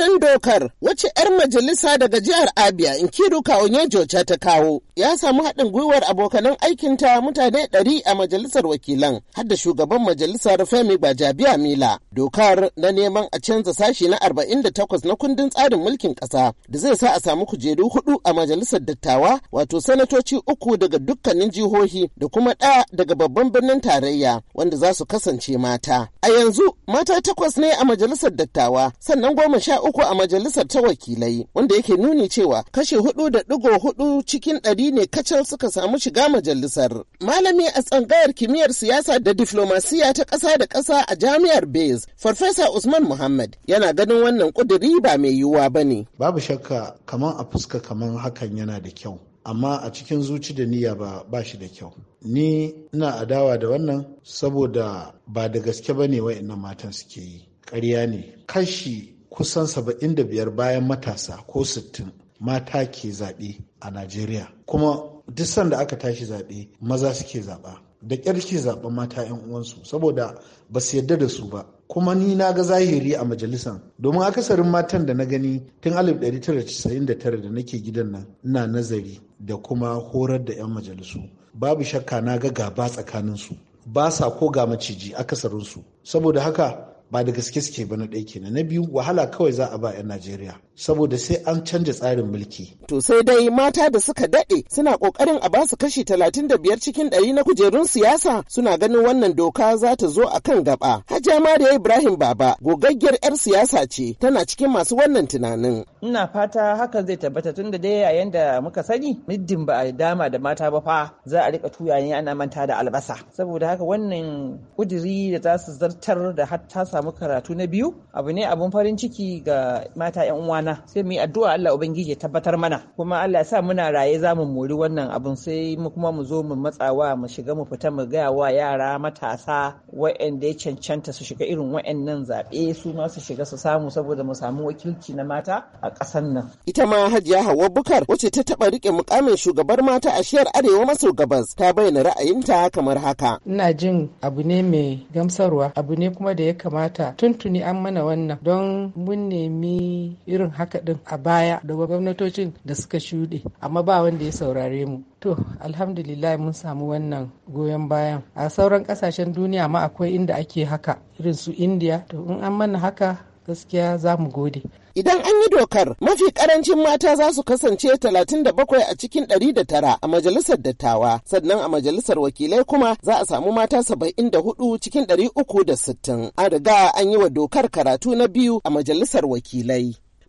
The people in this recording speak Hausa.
Kudirin dokar wacce 'yar majalisa daga jihar Abia Inkiru Kaonyejocha ta kawo ya samu haɗin gwiwar abokanan aikinta mutane ɗari a majalisar wakilan har da shugaban majalisar Femi Gbajabiya Mila. Dokar na neman a canza sashi na 48 na kundin tsarin mulkin ƙasa da zai sa a samu kujeru hudu a majalisar dattawa wato sanatoci uku daga dukkanin jihohi da kuma ɗaya daga babban birnin tarayya wanda za su kasance mata. A yanzu mata takwas ne a majalisar dattawa sannan goma sha uku uku a majalisar ta wakilai wanda yake nuni cewa kashe hudu da digo hudu cikin ɗari ne kacal suka samu shiga majalisar. Malami a tsangayar kimiyyar siyasa da diflomasiya ta ƙasa da ƙasa a jami'ar Bez, Farfesa Usman Muhammad yana ganin wannan ƙuduri ba mai yiwuwa ba ne. Babu shakka kaman a fuska kaman hakan yana da kyau. amma a cikin zuci da niyya ba ba shi da kyau ni ina adawa da wannan saboda ba da gaske ba ne wa'annan matan suke yi ƙarya ne kashi kusan 75 bayan matasa ko 60 mata ke zaɓe a Najeriya. Kuma duk sanda aka tashi zaɓe maza suke zaɓa. Da ƙyar ke zaɓa mata 'yan uwansu saboda ba su yadda da su ba. Kuma ni na ga zahiri a majalisan domin akasarin matan da na gani tun 1999 da nake gidan nan ina nazari da kuma horar da 'yan majalisu. Babu shakka na ga gaba tsakaninsu. Ba sa ko ga maciji akasarinsu. Saboda haka ba da gaske suke ba na ɗaya kenan na biyu wahala kawai za a ba 'yan najeriya saboda sai an canja tsarin mulki. To sai dai mata da suka daɗe suna ƙoƙarin a basu kashi talatin da biyar cikin ɗari na kujerun siyasa suna ganin wannan doka za ta zo a kan gaba. Hajiya Mariya Ibrahim Baba gogaggiyar 'yar siyasa ce tana cikin masu wannan tunanin. Ina fata hakan zai tabbata tun da dai yayin da muka sani middin ba a dama da mata ba fa za a rika tuya ne ana manta da albasa. Saboda haka wannan kudiri da za su zartar da har ta samu karatu na biyu abu ne abun farin ciki ga mata 'yan uwana rana sai mu yi addu'a Allah ubangiji ya tabbatar mana kuma Allah ya sa muna raye za mu mori wannan abun sai mu kuma mu zo mu matsawa mu shiga mu fita mu gaya wa yara matasa wa'anda ya cancanta su shiga irin wa'annan zaɓe su ma su shiga su samu saboda mu samu wakilci na mata a ƙasar nan. Ita ma Hajiya Hauwa Bukar wacce ta taɓa riƙe mukamin shugabar mata a shiyar Arewa maso gabas ta bayyana ra'ayinta kamar haka. Ina jin abu ne mai gamsarwa abu ne kuma da ya kamata tuntuni an mana wannan don mun nemi irin haka din a baya daga gwamnatocin da suka shuɗe amma ba wanda ya saurare mu to alhamdulillah mun samu wannan goyon bayan a sauran kasashen duniya ma akwai inda ake haka irin su india to in an mana haka gaskiya za mu gode Idan an yi dokar, mafi karancin mata za su kasance 37 a cikin 109 a majalisar dattawa, sannan a majalisar wakilai kuma za a samu mata 74 cikin 360. a riga an yi wa dokar karatu na biyu a majalisar wakilai.